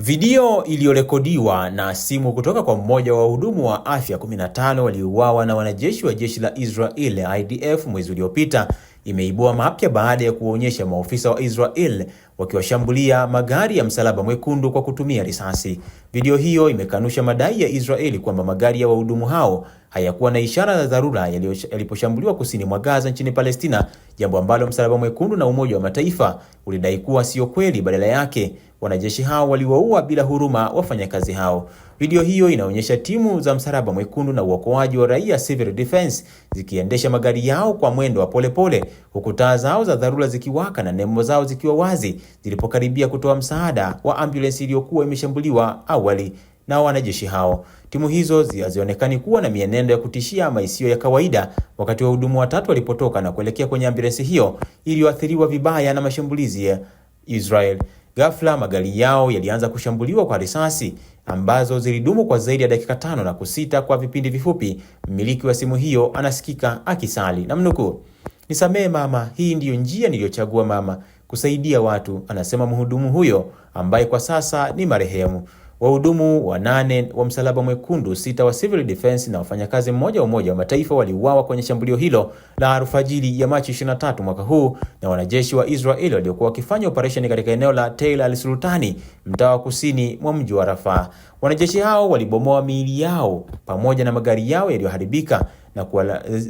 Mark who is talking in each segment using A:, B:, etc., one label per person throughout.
A: Video iliyorekodiwa na simu kutoka kwa mmoja wa wahudumu wa afya 15 waliouawa na wanajeshi wa jeshi la Israel IDF mwezi uliopita imeibua mapya baada ya kuwaonyesha maofisa wa Israel wakiwashambulia magari ya Msalaba Mwekundu kwa kutumia risasi. Video hiyo imekanusha madai ya Israeli kwamba magari ya wahudumu hao hayakuwa na ishara za dharura yaliposhambuliwa kusini mwa Gaza nchini Palestina, jambo ambalo Msalaba Mwekundu na Umoja wa Mataifa ulidai kuwa sio kweli. Badala yake, wanajeshi hao waliwaua bila huruma wafanyakazi hao. Video hiyo inaonyesha timu za Msalaba Mwekundu na uokoaji wa raia civil defense zikiendesha magari yao kwa mwendo wa polepole pole, huku taa zao za dharura zikiwaka na nembo zao zikiwa wazi zilipokaribia kutoa msaada wa ambulensi iliyokuwa imeshambuliwa awali na wanajeshi hao. Timu hizo hazionekani kuwa na mienendo ya kutishia ama isiyo ya kawaida, wakati wahudumu watatu walipotoka na kuelekea kwenye ambulensi hiyo iliyoathiriwa vibaya na mashambulizi ya Israel. Ghafla magari yao yalianza kushambuliwa kwa risasi ambazo zilidumu kwa zaidi ya dakika tano na kusita kwa vipindi vifupi. Mmiliki wa simu hiyo anasikika akisali namnukuu, nisamehe mama, hii ndiyo njia niliyochagua mama, kusaidia watu, anasema mhudumu huyo ambaye kwa sasa ni marehemu. Wahudumu wanane wa Msalaba Mwekundu, sita wa Civil Defense na wafanyakazi mmoja wa Umoja wa Mataifa waliuawa kwenye shambulio hilo la alfajiri ya Machi 23 mwaka huu na wanajeshi wa Israel waliokuwa wakifanya operesheni katika eneo la Tel al-Sultani, mtaa wa kusini mwa mji wa Rafah. Wanajeshi hao walibomoa miili yao pamoja na magari yao yaliyoharibika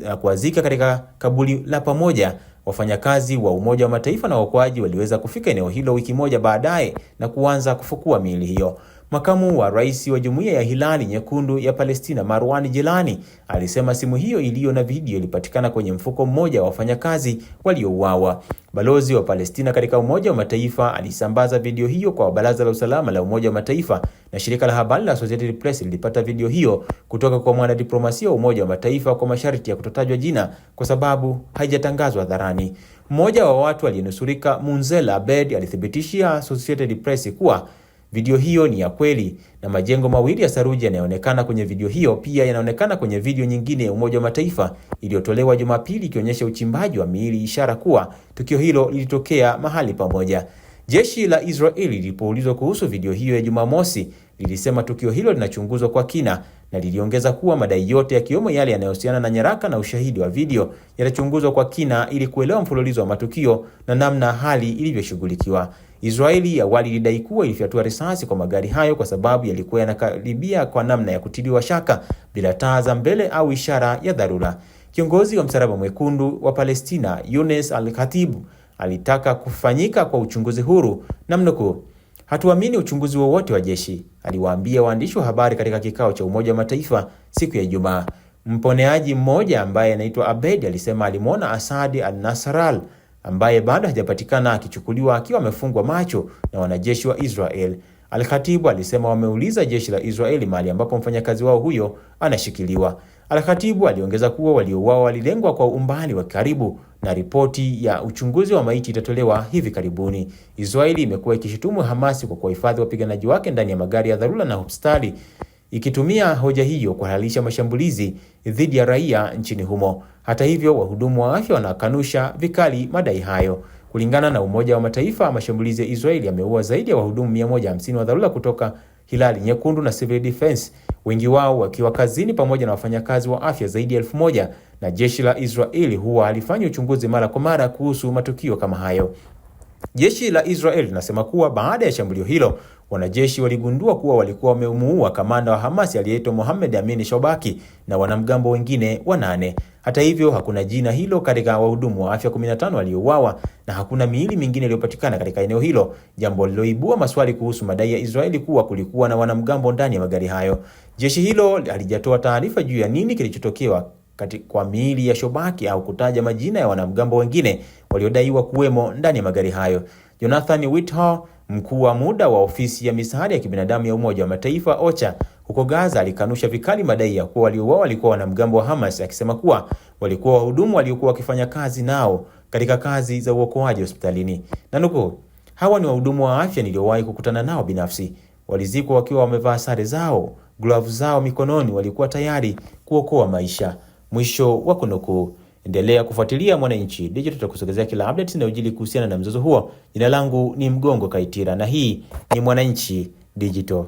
A: na kuwazika katika kaburi la pamoja. Wafanyakazi wa Umoja wa Mataifa na waokoaji waliweza kufika eneo hilo wiki moja baadaye na kuanza kufukua miili hiyo. Makamu wa rais wa Jumuiya ya Hilali Nyekundu ya Palestina, Marwan Jilani, alisema simu hiyo iliyo na video ilipatikana kwenye mfuko mmoja wa wafanyakazi waliouawa. Balozi wa Palestina katika Umoja wa Mataifa alisambaza video hiyo kwa Baraza la Usalama la Umoja wa Mataifa, na shirika la habari la Associated Press lilipata video hiyo kutoka kwa mwanadiplomasia wa Umoja wa Mataifa kwa masharti ya kutotajwa jina kwa sababu haijatangazwa hadharani. Mmoja wa watu aliyenusurika, Munzela Abed, alithibitishia Associated Press kuwa Video hiyo ni ya kweli na majengo mawili ya saruji yanayoonekana kwenye video hiyo pia yanaonekana kwenye video nyingine ya Umoja wa Mataifa iliyotolewa Jumapili ikionyesha uchimbaji wa miili, ishara kuwa tukio hilo lilitokea mahali pamoja. Jeshi la Israeli lilipoulizwa kuhusu video hiyo ya Jumamosi lilisema tukio hilo linachunguzwa kwa kina na liliongeza kuwa madai yote yakiwemo yale yanayohusiana na nyaraka na ushahidi wa video yatachunguzwa kwa kina ili kuelewa mfululizo wa matukio na namna hali ilivyoshughulikiwa. Israeli awali ilidai kuwa ilifyatua risasi kwa magari hayo kwa sababu yalikuwa yanakaribia kwa namna ya kutiliwa shaka bila taa za mbele au ishara ya dharura. Kiongozi wa Msalaba Mwekundu wa Palestina, Younes Al-Khatib, alitaka kufanyika kwa uchunguzi huru namnukuu, hatuamini uchunguzi wowote wa jeshi, aliwaambia waandishi wa habari katika kikao cha Umoja wa Mataifa siku ya Ijumaa. Mponeaji mmoja ambaye anaitwa Abed alisema alimwona Asadi al-Nasral ambaye bado hajapatikana akichukuliwa akiwa amefungwa macho na wanajeshi wa Israel. al khatib alisema wameuliza jeshi la Israeli mahali ambapo mfanyakazi wao huyo anashikiliwa. al khatib aliongeza kuwa waliouawa walilengwa kwa umbali wa karibu na ripoti ya uchunguzi wa maiti itatolewa hivi karibuni. Israeli imekuwa ikishutumu Hamasi kwa kuwahifadhi wapiganaji wake ndani ya magari ya dharura na hospitali ikitumia hoja hiyo kuhalalisha mashambulizi dhidi ya raia nchini humo. Hata hivyo, wahudumu wa afya wanakanusha vikali madai hayo. Kulingana na Umoja wa Mataifa, mashambulizi ya Israeli yameua zaidi ya wahudumu 150 wa dharura kutoka Hilali Nyekundu na Civil Defense, wengi wao wakiwa kazini pamoja na wafanyakazi wa afya zaidi ya elfu moja, na jeshi la Israeli huwa halifanya uchunguzi mara kwa mara kuhusu matukio kama hayo. Jeshi la Israeli linasema kuwa baada ya shambulio hilo Wanajeshi waligundua kuwa walikuwa wamemuua kamanda wa hamas aliyeitwa Mohamed Amin Shobaki na wanamgambo wengine wanane. Hata hivyo, hakuna jina hilo katika wahudumu wa afya 15 waliouawa na hakuna miili mingine iliyopatikana katika eneo hilo, jambo liloibua maswali kuhusu madai ya Israeli kuwa kulikuwa na wanamgambo ndani ya magari hayo. Jeshi hilo halijatoa taarifa juu ya nini kilichotokewa kwa miili ya Shobaki au kutaja majina ya wanamgambo wengine waliodaiwa kuwemo ndani ya magari hayo. Jonathan Whitehall Mkuu wa muda wa ofisi ya misaada ya kibinadamu ya Umoja wa Mataifa OCHA huko Gaza alikanusha vikali madai ya kuwa waliouawa walikuwa wanamgambo wa Hamas, akisema kuwa walikuwa wahudumu waliokuwa wakifanya kazi nao katika kazi za uokoaji hospitalini. Nanukuu, hawa ni wahudumu wa afya niliowahi kukutana nao binafsi, walizikwa wakiwa wamevaa sare zao, glavu zao mikononi, walikuwa tayari kuokoa maisha. Mwisho wa kunukuu. Endelea kufuatilia Mwananchi Digital, tutakusogezea kila update inayojili kuhusiana na mzozo huo. Jina langu ni Mgongo Kaitira na hii ni Mwananchi Digital.